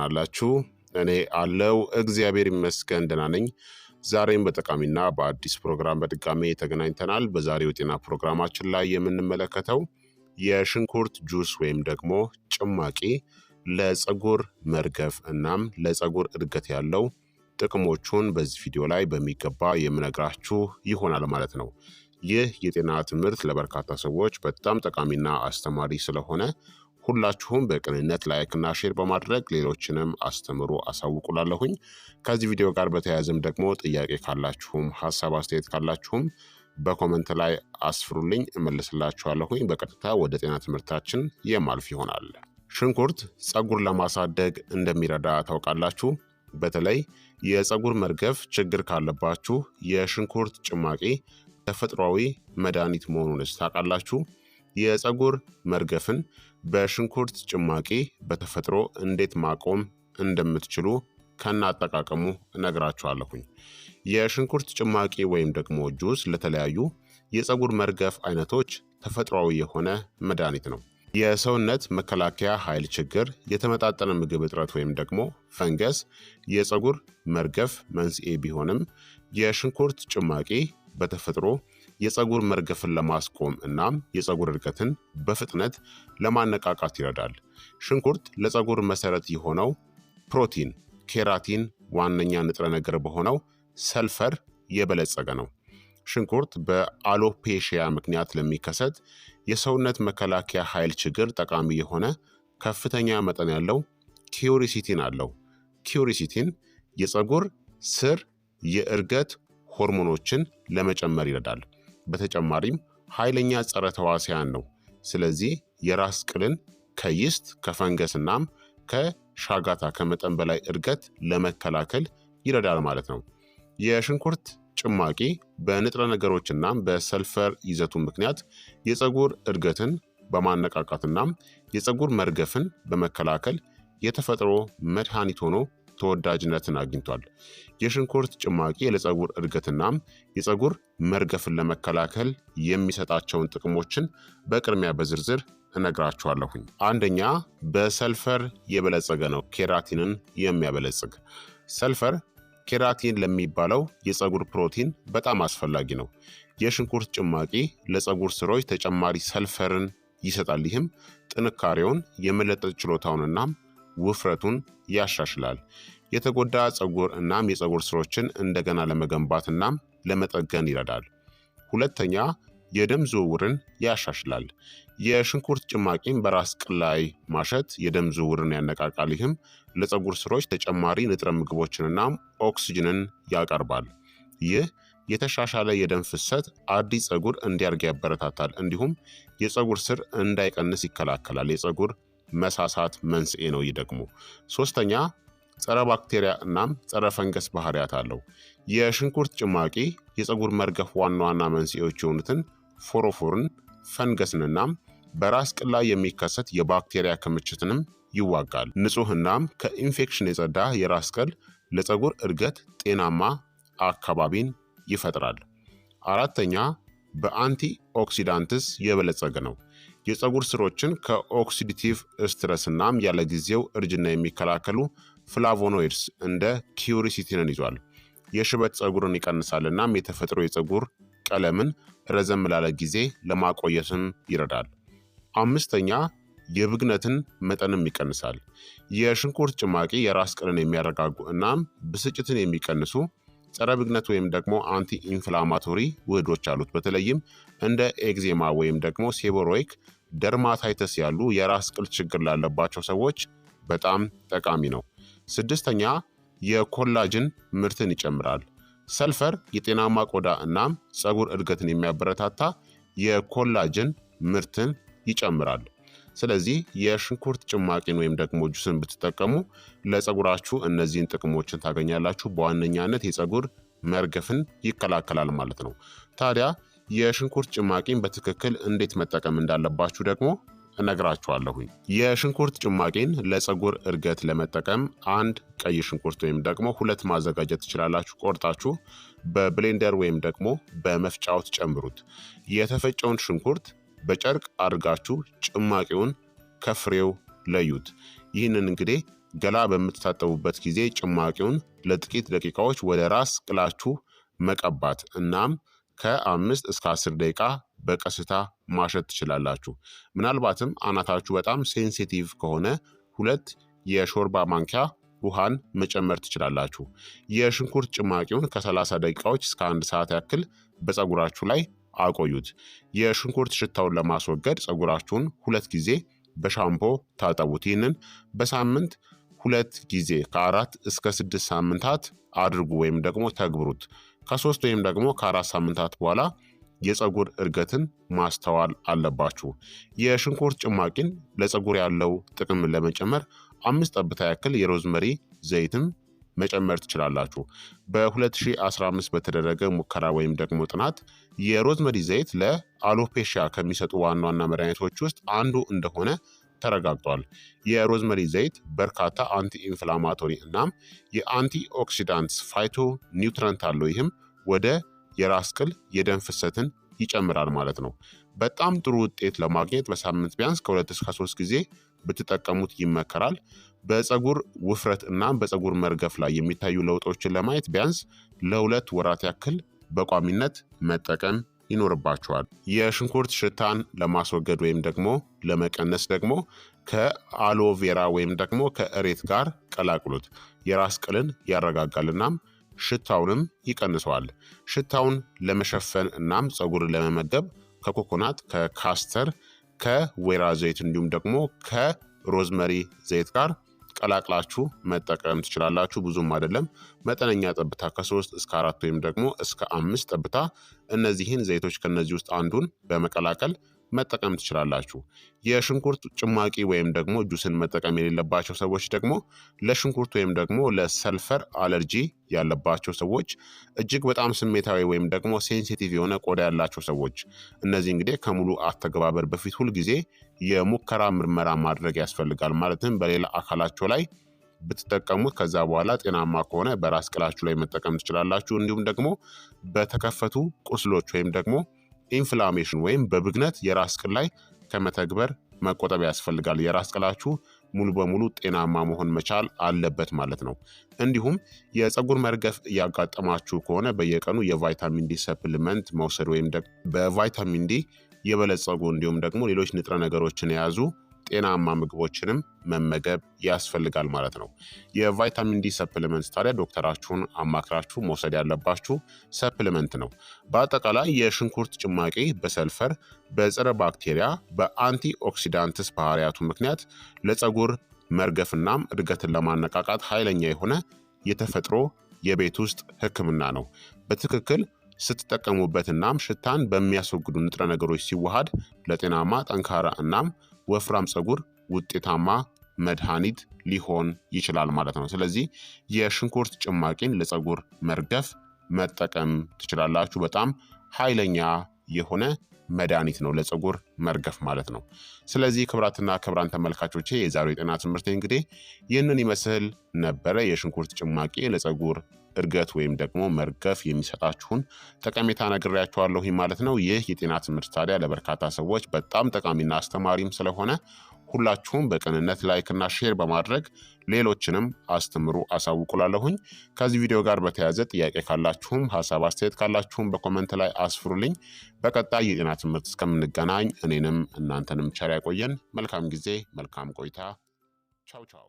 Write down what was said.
ናላችሁ እኔ አለው እግዚአብሔር ይመስገን ደህና ነኝ። ዛሬም በጠቃሚና በአዲስ ፕሮግራም በድጋሜ ተገናኝተናል። በዛሬው የጤና ፕሮግራማችን ላይ የምንመለከተው የሽንኩርት ጁስ ወይም ደግሞ ጭማቂ ለፀጉር መርገፍ እናም ለፀጉር እድገት ያለው ጥቅሞቹን በዚህ ቪዲዮ ላይ በሚገባ የምነግራችሁ ይሆናል ማለት ነው። ይህ የጤና ትምህርት ለበርካታ ሰዎች በጣም ጠቃሚና አስተማሪ ስለሆነ ሁላችሁም በቅንነት ላይክና ሼር በማድረግ ሌሎችንም አስተምሩ አሳውቁላለሁኝ። ከዚህ ቪዲዮ ጋር በተያያዘም ደግሞ ጥያቄ ካላችሁም ሀሳብ አስተያየት ካላችሁም በኮመንት ላይ አስፍሩልኝ እመልስላችኋለሁኝ። በቀጥታ ወደ ጤና ትምህርታችን የማልፍ ይሆናል። ሽንኩርት ጸጉር ለማሳደግ እንደሚረዳ ታውቃላችሁ? በተለይ የጸጉር መርገፍ ችግር ካለባችሁ የሽንኩርት ጭማቂ ተፈጥሯዊ መድኃኒት መሆኑንስ ታውቃላችሁ? የጸጉር መርገፍን በሽንኩርት ጭማቂ በተፈጥሮ እንዴት ማቆም እንደምትችሉ ከናጠቃቀሙ እነግራችኋለሁኝ። የሽንኩርት ጭማቂ ወይም ደግሞ ጁስ ለተለያዩ የፀጉር መርገፍ አይነቶች ተፈጥሯዊ የሆነ መድኃኒት ነው። የሰውነት መከላከያ ኃይል ችግር፣ የተመጣጠነ ምግብ እጥረት ወይም ደግሞ ፈንገስ የፀጉር መርገፍ መንስኤ ቢሆንም የሽንኩርት ጭማቂ በተፈጥሮ የፀጉር መርገፍን ለማስቆም እናም የፀጉር እድገትን በፍጥነት ለማነቃቃት ይረዳል። ሽንኩርት ለፀጉር መሰረት የሆነው ፕሮቲን ኬራቲን ዋነኛ ንጥረ ነገር በሆነው ሰልፈር የበለጸገ ነው። ሽንኩርት በአሎፔሽያ ምክንያት ለሚከሰት የሰውነት መከላከያ ኃይል ችግር ጠቃሚ የሆነ ከፍተኛ መጠን ያለው ኪዩሪሲቲን አለው። ኪዩሪሲቲን የፀጉር ስር የእድገት ሆርሞኖችን ለመጨመር ይረዳል። በተጨማሪም ኃይለኛ ጸረ ተዋሲያን ነው። ስለዚህ የራስ ቅልን ከይስት ከፈንገስ እናም ከሻጋታ ከመጠን በላይ እድገት ለመከላከል ይረዳል ማለት ነው። የሽንኩርት ጭማቂ በንጥረ ነገሮችና በሰልፈር ይዘቱ ምክንያት የፀጉር እድገትን በማነቃቃትና የፀጉር መርገፍን በመከላከል የተፈጥሮ መድኃኒት ሆኖ ተወዳጅነትን አግኝቷል። የሽንኩርት ጭማቂ ለፀጉር እድገትና የፀጉር መርገፍን ለመከላከል የሚሰጣቸውን ጥቅሞችን በቅድሚያ በዝርዝር እነግራችኋለሁኝ። አንደኛ በሰልፈር የበለጸገ ነው፣ ኬራቲንን የሚያበለጽግ ሰልፈር ኬራቲን ለሚባለው የፀጉር ፕሮቲን በጣም አስፈላጊ ነው። የሽንኩርት ጭማቂ ለፀጉር ስሮች ተጨማሪ ሰልፈርን ይሰጣል። ይህም ጥንካሬውን የመለጠጥ ችሎታውንና ውፍረቱን ያሻሽላል። የተጎዳ ጸጉር እናም የጸጉር ስሮችን እንደገና ለመገንባት እናም ለመጠገን ይረዳል። ሁለተኛ የደም ዝውውርን ያሻሽላል። የሽንኩርት ጭማቂን በራስ ቅል ላይ ማሸት የደም ዝውውርን ያነቃቃል። ይህም ለጸጉር ስሮች ተጨማሪ ንጥረ ምግቦችንና ኦክስጅንን ያቀርባል። ይህ የተሻሻለ የደም ፍሰት አዲስ ጸጉር እንዲያድግ ያበረታታል፣ እንዲሁም የጸጉር ስር እንዳይቀንስ ይከላከላል። የጸጉር መሳሳት መንስኤ ነው። ይህ ደግሞ ሶስተኛ ጸረ ባክቴሪያ እናም ጸረ ፈንገስ ባህሪያት አለው። የሽንኩርት ጭማቂ የፀጉር መርገፍ ዋና ዋና መንስኤዎች የሆኑትን ፎሮፎርን፣ ፈንገስን እናም በራስ ቅል ላይ የሚከሰት የባክቴሪያ ክምችትንም ይዋጋል። ንጹህ እናም ከኢንፌክሽን የጸዳ የራስ ቅል ለፀጉር እድገት ጤናማ አካባቢን ይፈጥራል። አራተኛ በአንቲ ኦክሲዳንትስ የበለጸገ ነው። የፀጉር ስሮችን ከኦክሲዲቲቭ ስትረስ እናም ያለ ጊዜው እርጅና የሚከላከሉ ፍላቮኖይድስ እንደ ኪውሪሲቲንን ይዟል። የሽበት ፀጉርን ይቀንሳል እናም የተፈጥሮ የፀጉር ቀለምን ረዘም ላለ ጊዜ ለማቆየትም ይረዳል። አምስተኛ የብግነትን መጠንም ይቀንሳል። የሽንኩርት ጭማቂ የራስ ቅልን የሚያረጋጉ እናም ብስጭትን የሚቀንሱ ጸረ ብግነት ወይም ደግሞ አንቲ ኢንፍላማቶሪ ውህዶች አሉት። በተለይም እንደ ኤግዜማ ወይም ደግሞ ሴቦሮይክ ደርማታይተስ ያሉ የራስ ቅል ችግር ላለባቸው ሰዎች በጣም ጠቃሚ ነው። ስድስተኛ የኮላጅን ምርትን ይጨምራል። ሰልፈር የጤናማ ቆዳ እናም ጸጉር እድገትን የሚያበረታታ የኮላጅን ምርትን ይጨምራል። ስለዚህ የሽንኩርት ጭማቂን ወይም ደግሞ ጁስን ብትጠቀሙ ለፀጉራችሁ እነዚህን ጥቅሞችን ታገኛላችሁ። በዋነኛነት የፀጉር መርገፍን ይከላከላል ማለት ነው። ታዲያ የሽንኩርት ጭማቂን በትክክል እንዴት መጠቀም እንዳለባችሁ ደግሞ እነግራችኋለሁኝ። የሽንኩርት ጭማቂን ለፀጉር እድገት ለመጠቀም አንድ ቀይ ሽንኩርት ወይም ደግሞ ሁለት ማዘጋጀት ትችላላችሁ። ቆርጣችሁ በብሌንደር ወይም ደግሞ በመፍጫው ትጨምሩት። የተፈጨውን ሽንኩርት በጨርቅ አድርጋችሁ ጭማቂውን ከፍሬው ለዩት። ይህንን እንግዲህ ገላ በምትታጠቡበት ጊዜ ጭማቂውን ለጥቂት ደቂቃዎች ወደ ራስ ቅላችሁ መቀባት እናም ከአምስት እስከ አስር ደቂቃ በቀስታ ማሸት ትችላላችሁ። ምናልባትም አናታችሁ በጣም ሴንሲቲቭ ከሆነ ሁለት የሾርባ ማንኪያ ውሃን መጨመር ትችላላችሁ። የሽንኩርት ጭማቂውን ከ30 ደቂቃዎች እስከ አንድ ሰዓት ያክል በፀጉራችሁ ላይ አቆዩት። የሽንኩርት ሽታውን ለማስወገድ ፀጉራችሁን ሁለት ጊዜ በሻምፖ ታጠቡት። ይህንን በሳምንት ሁለት ጊዜ ከአራት እስከ ስድስት ሳምንታት አድርጉ ወይም ደግሞ ተግብሩት። ከሶስት ወይም ደግሞ ከአራት ሳምንታት በኋላ የፀጉር እድገትን ማስተዋል አለባችሁ። የሽንኩርት ጭማቂን ለፀጉር ያለው ጥቅም ለመጨመር አምስት ጠብታ ያክል የሮዝመሪ ዘይትም መጨመር ትችላላችሁ። በ2015 በተደረገ ሙከራ ወይም ደግሞ ጥናት የሮዝመሪ ዘይት ለአሎፔሻ ከሚሰጡ ዋና ዋና መድኃኒቶች ውስጥ አንዱ እንደሆነ ተረጋግጧል። የሮዝመሪ ዘይት በርካታ አንቲ እናም የአንቲ ፋይቶ ኒውትረንት አለው። ይህም ወደ የራስ ቅል የደም ፍሰትን ይጨምራል ማለት ነው። በጣም ጥሩ ውጤት ለማግኘት በሳምንት ቢያንስ ከሁለት እስከ ሶስት ጊዜ ብትጠቀሙት ይመከራል። በፀጉር ውፍረት እናም በፀጉር መርገፍ ላይ የሚታዩ ለውጦችን ለማየት ቢያንስ ለሁለት ወራት ያክል በቋሚነት መጠቀም ይኖርባቸዋል። የሽንኩርት ሽታን ለማስወገድ ወይም ደግሞ ለመቀነስ ደግሞ ከአሎቬራ ወይም ደግሞ ከእሬት ጋር ቀላቅሉት። የራስ ቅልን ያረጋጋል እናም ሽታውንም ይቀንሰዋል። ሽታውን ለመሸፈን እናም ፀጉርን ለመመገብ ከኮኮናት፣ ከካስተር፣ ከወይራ ዘይት እንዲሁም ደግሞ ከሮዝመሪ ዘይት ጋር ቀላቅላችሁ መጠቀም ትችላላችሁ። ብዙም አይደለም፣ መጠነኛ ጠብታ ከሶስት እስከ አራት ወይም ደግሞ እስከ አምስት ጠብታ እነዚህን ዘይቶች ከነዚህ ውስጥ አንዱን በመቀላቀል መጠቀም ትችላላችሁ። የሽንኩርት ጭማቂ ወይም ደግሞ ጁስን መጠቀም የሌለባቸው ሰዎች ደግሞ ለሽንኩርት ወይም ደግሞ ለሰልፈር አለርጂ ያለባቸው ሰዎች፣ እጅግ በጣም ስሜታዊ ወይም ደግሞ ሴንሲቲቭ የሆነ ቆዳ ያላቸው ሰዎች፣ እነዚህ እንግዲህ ከሙሉ አተገባበር በፊት ሁልጊዜ የሙከራ ምርመራ ማድረግ ያስፈልጋል። ማለትም በሌላ አካላቸው ላይ ብትጠቀሙት ከዛ በኋላ ጤናማ ከሆነ በራስ ቅላችሁ ላይ መጠቀም ትችላላችሁ። እንዲሁም ደግሞ በተከፈቱ ቁስሎች ወይም ደግሞ ኢንፍላሜሽን ወይም በብግነት የራስ ቅል ላይ ከመተግበር መቆጠብ ያስፈልጋል። የራስ ቅላችሁ ሙሉ በሙሉ ጤናማ መሆን መቻል አለበት ማለት ነው። እንዲሁም የፀጉር መርገፍ እያጋጠማችሁ ከሆነ በየቀኑ የቫይታሚን ዲ ሰፕሊመንት መውሰድ ወይም በቫይታሚን ዲ የበለጸጉ እንዲሁም ደግሞ ሌሎች ንጥረ ነገሮችን የያዙ ጤናማ ምግቦችንም መመገብ ያስፈልጋል ማለት ነው። የቫይታሚን ዲ ሰፕሊመንት ታዲያ ዶክተራችሁን አማክራችሁ መውሰድ ያለባችሁ ሰፕሊመንት ነው። በአጠቃላይ የሽንኩርት ጭማቂ በሰልፈር፣ በጸረ ባክቴሪያ፣ በአንቲ ኦክሲዳንትስ ባህሪያቱ ምክንያት ለፀጉር መርገፍናም እድገትን ለማነቃቃት ኃይለኛ የሆነ የተፈጥሮ የቤት ውስጥ ሕክምና ነው። በትክክል ስትጠቀሙበትና ሽታን በሚያስወግዱ ንጥረ ነገሮች ሲዋሃድ ለጤናማ ጠንካራ እናም ወፍራም ፀጉር ውጤታማ መድኃኒት ሊሆን ይችላል ማለት ነው። ስለዚህ የሽንኩርት ጭማቂን ለፀጉር መርገፍ መጠቀም ትችላላችሁ። በጣም ኃይለኛ የሆነ መድኃኒት ነው ለፀጉር መርገፍ ማለት ነው። ስለዚህ ክብራትና ክብራን ተመልካቾቼ የዛሬው የጤና ትምህርት እንግዲህ ይህንን ይመስል ነበረ። የሽንኩርት ጭማቂ ለፀጉር እድገት ወይም ደግሞ መርገፍ የሚሰጣችሁን ጠቀሜታ ነግሬያችኋለሁ ማለት ነው። ይህ የጤና ትምህርት ታዲያ ለበርካታ ሰዎች በጣም ጠቃሚና አስተማሪም ስለሆነ ሁላችሁም በቅንነት ላይክና ሼር በማድረግ ሌሎችንም አስተምሩ አሳውቁላለሁኝ። ከዚህ ቪዲዮ ጋር በተያያዘ ጥያቄ ካላችሁም ሀሳብ አስተያየት ካላችሁም በኮመንት ላይ አስፍሩልኝ። በቀጣይ የጤና ትምህርት እስከምንገናኝ እኔንም እናንተንም ቸር ያቆየን። መልካም ጊዜ፣ መልካም ቆይታ። ቻው ቻው